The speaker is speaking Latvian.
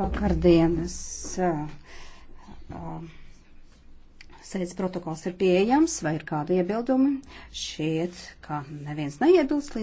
vakardienas sēdes protokols ir pieejams, vai ir kādi iebildumi? Šķiet, ka neviens neiebilst.